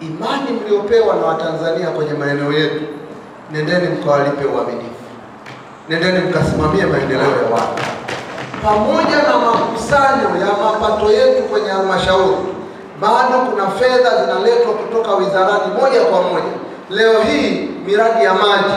imani mliopewa na Watanzania kwenye maeneo yetu, nendeni mkawalipe uaminifu, nendeni mkasimamie maendeleo ya watu, pamoja na makusanyo ya mapato yetu kwenye halmashauri. Bado kuna fedha zinaletwa kutoka wizarani moja kwa moja. Leo hii miradi ya maji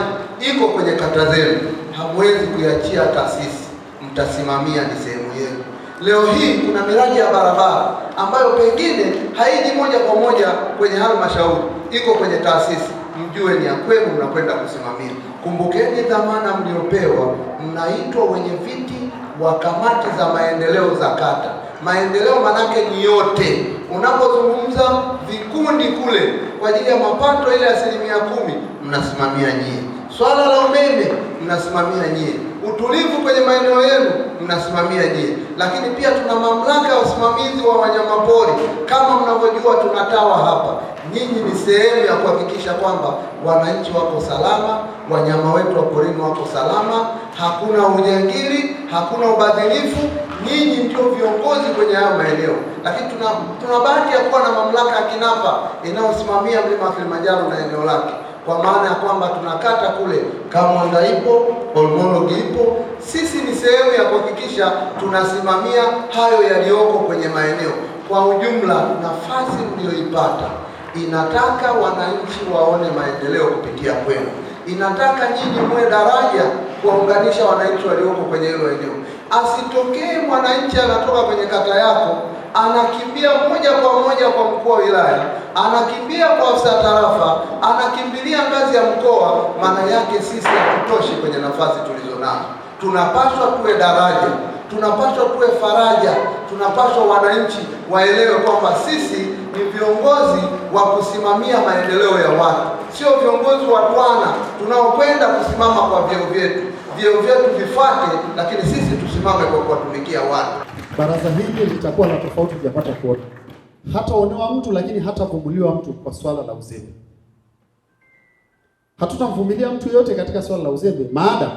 iko kwenye kata zenu, hamwezi kuiachia taasisi, mtasimamia, ni sehemu yenu. Leo hii kuna miradi ya barabara ambayo pengine haiji moja kwa moja kwenye halmashauri, iko kwenye taasisi, mjue ni ya kwenu, mnakwenda kusimamia. Kumbukeni dhamana mliopewa. Mnaitwa wenye viti wa kamati za maendeleo za kata. Maendeleo manake ni yote. Unapozungumza vikundi kule kwa ajili ya mapato, ile asilimia kumi mnasimamia nyie, swala la umeme mnasimamia nyie, utulivu kwenye maeneo yenu mnasimamia nyie. Lakini pia tuna mamlaka ya usimamizi wa wanyamapori. Kama mnavyojua, tunatawa hapa. Nyinyi ni sehemu ya kuhakikisha kwamba wananchi wako salama, wanyama wetu wa porini wako salama, hakuna unyang'iri, hakuna ubadhirifu. Nyinyi ndio viongozi kwenye haya maeneo, lakini tuna, tuna bahati ya kuwa na mamlaka ya KINAPA inayosimamia mlima wa Kilimanjaro na eneo lake kwa maana ya kwamba tunakata kule Kamwanda ipo, Olmologi ipo. Sisi ni sehemu ya kuhakikisha tunasimamia hayo yaliyoko kwenye maeneo kwa ujumla. Nafasi mliyoipata inataka wananchi waone maendeleo kupitia kwenu, inataka nyinyi muwe daraja kuwaunganisha wananchi walioko kwenye hilo eneo. Asitokee mwananchi anatoka kwenye kata yako anakimbia moja kwa moja kwa mkuu wa wilaya, anakimbia kwa afisa tarafa, anakimbilia ngazi ya mkoa. Maana yake sisi hatutoshi kwenye nafasi tulizonazo. Tunapaswa tuwe daraja, tunapaswa tuwe faraja, tunapaswa wananchi waelewe kwamba sisi ni viongozi wa kusimamia maendeleo ya watu, sio viongozi wa twana tunaokwenda kusimama kwa vyeo vyetu. Vyeo vyetu vifate, lakini sisi tusimame kwa kuwatumikia watu. Baraza hili litakuwa na tofauti tujapata kuona, hataonewa mtu lakini hatavuguliwa mtu kwa swala la uzembe. Hatutamvumilia mtu yote katika swala la uzembe, maada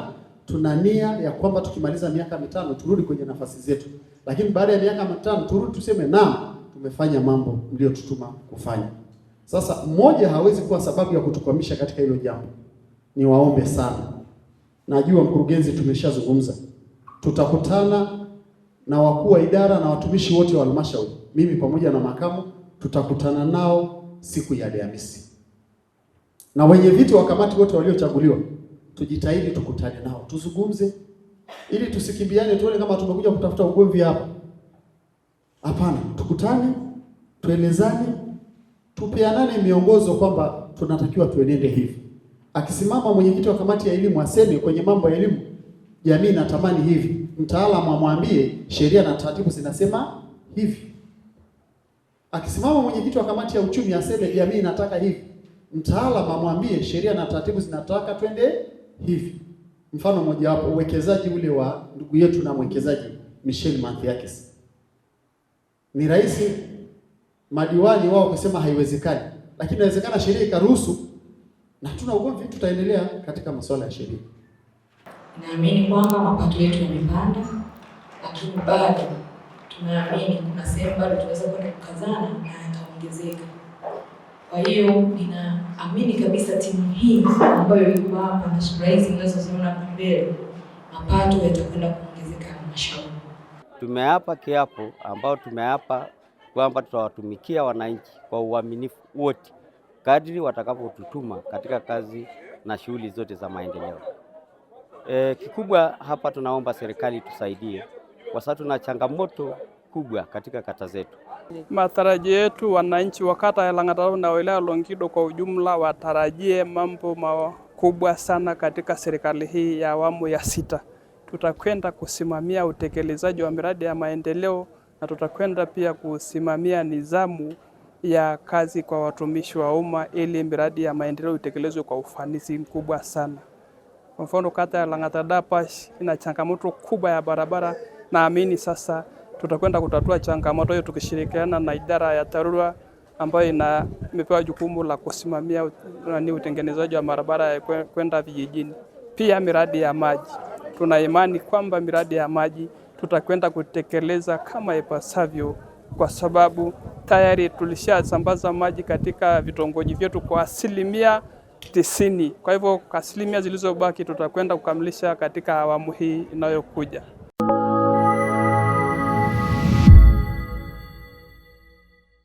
tuna nia ya kwamba tukimaliza miaka mitano turudi kwenye nafasi zetu, lakini baada ya miaka mitano turudi tuseme, na tumefanya mambo mliyotutuma kufanya. Sasa mmoja hawezi kuwa sababu ya kutukwamisha katika hilo jambo. Niwaombe sana, najua mkurugenzi, tumeshazungumza tutakutana na wakuu wa idara na watumishi wote wa halmashauri, mimi pamoja na makamu, tutakutana nao siku ya Alhamisi, na wenye viti wa kamati wote waliochaguliwa, tujitahidi tukutane nao tuzungumze, ili tusikimbiane, tuone kama tumekuja kutafuta ugomvi hapa. Hapana, tukutane, tuelezane, tupeanane miongozo kwamba tunatakiwa tuenende hivi. Akisimama mwenyekiti wa kamati ya elimu aseme kwenye mambo ya elimu jamii natamani hivi, mtaalamu amwambie sheria na taratibu zinasema hivi. Akisimama mwenyekiti wa kamati ya uchumi aseme jamii inataka hivi, mtaalamu amwambie sheria na taratibu zinataka twende hivi. Mfano mmoja wapo, uwekezaji ule wa ndugu yetu na mwekezaji Michelle Mathiakis, ni rahisi madiwani wao kusema haiwezekani, lakini inawezekana sheria ikaruhusu, na hatuna ugomvi, tutaendelea katika masuala ya sheria. Naamini kwamba mapato yetu yamepanda, lakini bado tunaamini kuna sehemu bado tunaweza kwenda kukazana na yataongezeka. Kwa hiyo ninaamini kabisa timu hii ambayo iko hapa na sura hizi mnazoziona mbele, mapato yatakwenda kuongezeka halmashauri. Tumeapa kiapo ambao tumeapa kwamba tutawatumikia wananchi kwa uaminifu wote kadri watakapotutuma katika kazi na shughuli zote za maendeleo. E, kikubwa hapa tunaomba serikali tusaidie, kwa sababu tuna changamoto kubwa katika kata zetu. Matarajio yetu wananchi wa kata ya na wilaya Longido kwa ujumla watarajie mambo makubwa sana katika serikali hii ya awamu ya sita. Tutakwenda kusimamia utekelezaji wa miradi ya maendeleo na tutakwenda pia kusimamia nidhamu ya kazi kwa watumishi wa umma ili miradi ya maendeleo itekelezwe kwa ufanisi mkubwa sana. Kwa mfano kata ya Lang'ata Dapash ina changamoto kubwa ya barabara. Naamini sasa tutakwenda kutatua changamoto hiyo tukishirikiana na idara ya TARURA ambayo ina imepewa jukumu la kusimamia ni utengenezaji wa barabara ya kwenda vijijini. Pia miradi ya maji, tuna imani kwamba miradi ya maji tutakwenda kutekeleza kama ipasavyo, kwa sababu tayari tulishasambaza maji katika vitongoji vyetu kwa asilimia tisini. Kwa hivyo asilimia zilizobaki tutakwenda kukamilisha katika awamu hii inayokuja.